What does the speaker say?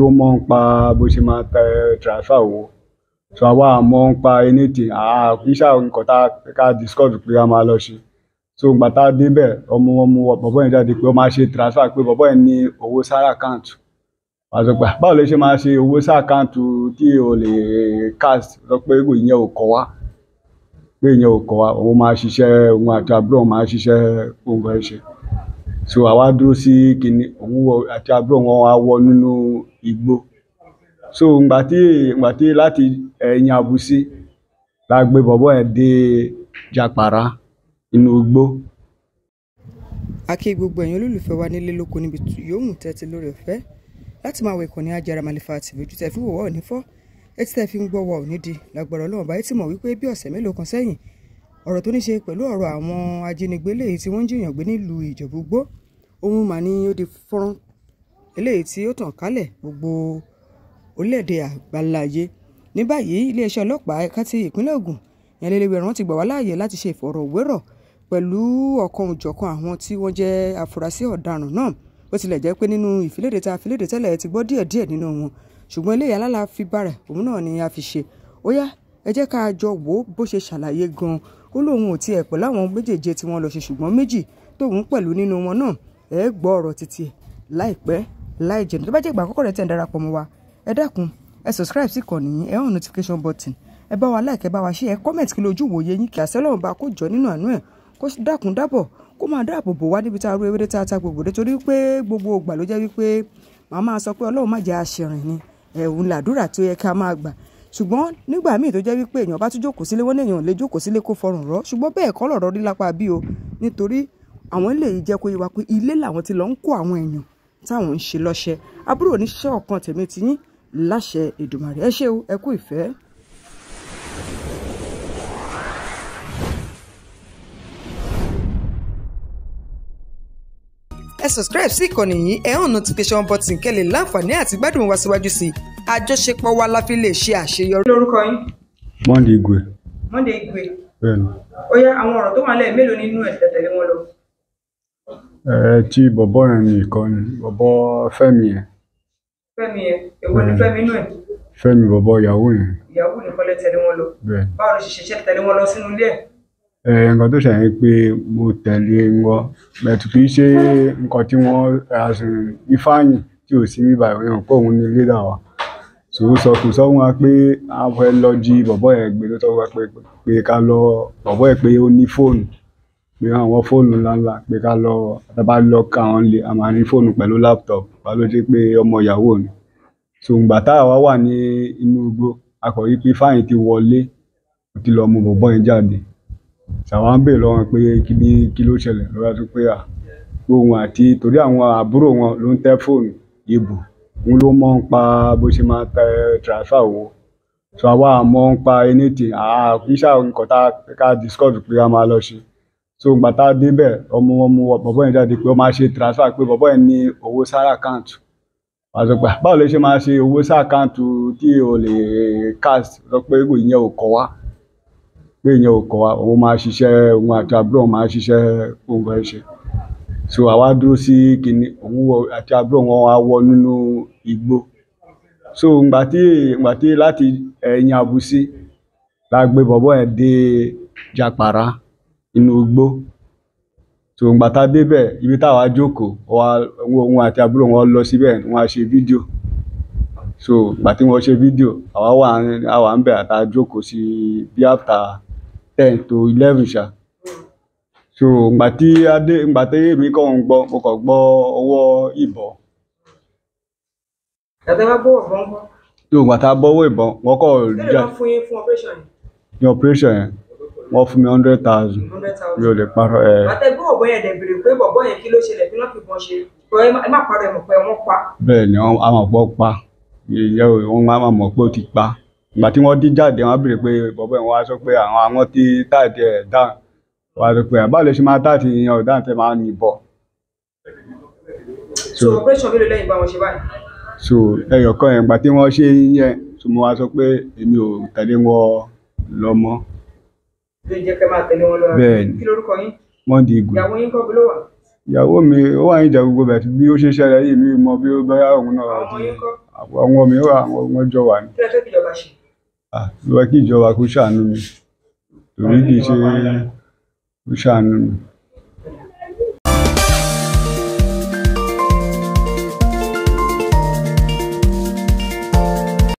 tó mọ̀ ń pa bó ṣe máa tẹ transfer owó. So àwa à ń pa anything, àá kì í ṣà nǹkan tá ká discuss pé a máa lọ ṣe. So ìgbà tá a dé bẹ̀, ọmọ wọn yẹn jáde pé ó máa ṣe transfer pé bọ̀bọ́ yẹn ní owó sára account. Wàá sọ pé báwo ló ṣe máa ṣe owó sára account tí o lè cast? Sọ pé ìwé yẹn ò kọ́ wa, pé ìyẹn ò kọ́ wa, òun máa ṣiṣẹ́, òun àti àbúrò òun máa ṣiṣẹ́ òun fẹ́ ṣe so àwa dúró sí kinní òun wọ àti àbúrò wọn wá wọ nínú igbó so ngbà tí ngbà tí láti ẹ̀yìn àbùsí la gbé bọ̀bọ́ ẹ̀ dé Jàpàrà inú igbó. a kí gbogbo ẹ̀yin olólùfẹ́ wa nílé lóko níbi yòówù tẹ́tí lórí ọ̀fẹ́ láti máa wo ìkànnì Ajáramàlífà TV ojú tẹ́ fi wò wá òní etí tẹ́ fi ń gbọ́ wá òní di lágbára Ọlọ́run báyìí ti mọ̀ wípé bí ọ̀sẹ̀ mélòó kan sẹ́yìn ọ̀rọ̀ tó ní ṣe pẹ̀lú ọ̀rọ̀ àwọn ajínigbé léyìí tí wọ́n ń jiyàn gbé nílùú ìjọ̀búgbó ohun mà ní ó di fọ́nrán eléyìí tí ó tàn kálẹ̀ gbogbo orílẹ̀-èdè àgbáláyé ní báyìí iléeṣẹ́ ọlọ́pàá ẹ̀ka ti ìpínlẹ̀ Ògùn yẹn Lélewẹ̀rán ti gbà wá láàyè láti ṣe ìfọ̀rọ̀wérọ̀ pẹ̀lú ọ̀kan òjọ̀kan àwọn tí wọ́n jẹ́ afurasí ọ̀daràn náà bó tilẹ̀ jẹ́ pé nínú ìfiléde tá a filéde tẹ́lẹ̀ ti gbọ́ díẹ̀díẹ̀ nínú wọn ṣùgbọ́n eléyìí alálàáfíà bàrẹ̀ òun náà ni a fi ṣe ó yá ẹ jẹ́ ká jọ wò ó bó ṣe ṣàlàyé gan-an ó lóun ò tiẹ̀ pẹ̀lú àwọn méjèèje tí wọ́n lọ ṣe ṣùgbọ́n méjì tóun pẹ̀lú nínú wọn náà ẹ gbọ́ ọ̀rọ̀ títí láìpẹ́ láì jẹ̀nu tó bá jẹ́ ìgbà àkọ́kọ́ rẹ̀ tẹ̀ ń darapọ̀ mọ́ wa ẹ dákun ẹ subscribe sí ìkànnì yín ẹ hàn notification button ẹ bá wa like ẹ bá wa share ẹ comment kí lójú wòye yín kí àṣẹ Ọlọ́run bá kó jọ nínú àánú ẹ̀ kó dákun dábọ̀ kó máa dáàbò bò wá níbi tá a ru ewédé tá a ta gbogbo dé torí pé gbogbo ògbà ló jẹ́ wípé màá máa sọ pé Ọlọ́run má jẹ́ àṣìrìn ni ẹ̀hún làdúrà tó yẹ ká máa gbà ṣùgbọ́n nígbà míì tó jẹ́ wípé èèyàn bá tún jókòó sílé wọ́n ní èèyàn lè jókòó sílé kó fọrùn rọ́ ṣùgbọ́n bẹ́ẹ̀ kọ́ lọ̀rọ̀ rí lápá bí o nítorí àwọn ilé yìí jẹ́ kó yé wa pé ilé làwọn ti lọ ń kó àwọn èèyàn táwọn ń ṣe lọ́ṣẹ́ àbúrò oníṣẹ́ ọ̀kan tèmi ti yín láṣẹ Èdùmàrè ẹ ṣé o ẹ kú ìfẹ́. ẹ subscribe sí ìkànnì yìí ẹ hàn notification button kẹ́ lè láǹfààní àti gbádùn wa síwájú sí i àjọṣepọ̀ wa la fi lè ṣe àṣeyọrí. lórúkọ yín. Monday Igwe. Monday Igwe. bẹ́ẹ̀ni. ó yá àwọn ọ̀rọ̀ tó wà lẹ́ẹ̀ mélòó nínú ẹ̀ tẹ̀tẹ̀lé wọn lọ. ẹ tí bọ̀bọ̀ yẹn ni ìkànnì bọ̀bọ̀ Fẹ́mi yẹn. Fẹ́mi yẹn èwo ni Fẹ́mi inú ẹ̀. Fẹ́mi bọ̀bọ̀ yahoo yẹn. yahoo nìkan lẹ tẹ̀lé wọn lọ. bẹ́ẹ̀ni. báwo ló ṣe ṣiṣẹ́ tẹ̀lé wọn lọ sínú ilé ẹ̀ nǹkan tó ṣẹ̀yìn pé mo tẹ̀lé wọn bẹ̀tù kì í ṣe nǹkan tí wọ́n Ifeanyi tí ò sí bíbá ìwé hàn pé òun ni leader wa sòwòsọ kò sọ wọn pé àwọn ẹ lọ jí bọ̀bọ̀ ẹ̀ gbé ló tọ́wọ́ pé pé ká lọ bọ̀bọ̀ ẹ̀ pé ó ní fóònù pé àwọn fóònù ńláńlá pé ká lọ bá lọ ká àwọn lè a máa ní fóònù pẹ̀lú láptọ̀pù wá ló dé pé ọmọ ìyàwó ni sòǹgbà tá a wá wà ní inú igbó a kò rí pé fáyìn ti wọlé kò ti lọ mú bọ̀bọ̀ yẹn jáde ṣàwọn ń bèèrè lọ́wọ́ pé kí kí ló ṣẹlẹ̀ lọ́wọ́ tó pé à gbóhùn àti torí àwọn àbúrò wọn ló ń tẹ́ fóònù ibù òun ló mọ̀ ń pa bó ṣe máa tẹ transfer owó so àwa àmọ́ ń pa anything àkíṣà nǹkan tá ká discuss pé a máa lọ ṣe so ìgbà tá a débẹ̀ ọmọ ọmọ bọ̀bọ̀ yẹn jáde pé ó máa ṣe transfer pé bọ̀bọ̀ yẹn ní owó sára account àzọgbà báwo lè ṣe máa ṣe owó sára account tí o lè cast sọ pé ìyẹn ò kọ́ wa pé ìyẹn ò kọ́ wa òun máa ṣiṣẹ́ òun àti àbúrò òun máa ṣiṣẹ́ òun fẹ́ ṣe so àwa dúró sí kinní àti àbúrò wọn wá wọ nínú igbó so ìgbà tí ìgbà tí láti ẹ̀yìn àbùsí la gbé bọ̀bọ́ yẹn dé jàpàrá inú igbó so ìgbà tá a débẹ̀ ibi táwa jókòó wa òun àti àbúrò wọn lọ síbẹ̀ wọ́n ṣe fídíò so ìgbà tí wọ́n ṣe fídíò àwa wà àwa ń bẹ̀ àtà jókòó sí bí after ten to eleven ṣá so ìgbà tí adé ìgbà tí èmi kàn ń gbọ́ mo kàn gbọ́ ọwọ́ ìbọn tàbí wá bọ̀wọ̀ bọ́wọ́ ìbọn wọ́n kọ́ jà. ní operation yẹn wọ́n fún mi hundred yóò lè parọ́ ẹ̀. bẹ́ẹ̀ ni wọ́n á máa bọ́ pa ìyẹ́ wọn máa mọ̀ pé ó ti pa ìgbà tí wọ́n dín jáde wọ́n á bèrè pé bọ̀bọ̀ yẹn wọ́n á sọ pé àwọn àwọn ti táàtì ẹ̀ dáhùn wọ́n á sọ pé àbá lè ṣe máa táàtì yẹn ọ̀dáhùn tẹ máa nìbọ̀. so operation mélòó lẹ́yìn bá wọn ṣe báyìí so ẹyọ kan yẹn gbà tí wọ́n ṣe yẹn so mo wá sọ pé èmi ò tẹ̀lé wọn lọ mọ́. ló jẹ́ kẹ́ máa tẹ̀lé wọn lọ bẹ́ẹ̀ ni kí lorúkọ yín. wọ́n di igun. ìyàwó yín kọ́ bí ló wà. ìyàwó mi ó wà ní ìjà gbogbo bẹ̀ bí ó ṣe ṣẹlẹ̀ yìí mi mọ bí ó bẹ́yà òun náà wà. àwọn yín mi wà àwọn ọmọ jọ wà ní. kí ló fẹ́ kí ìjọba ṣe. ah ló fẹ́ kí ìjọba kó ṣàánú mi torí kì í ṣe kó ṣàánú mi.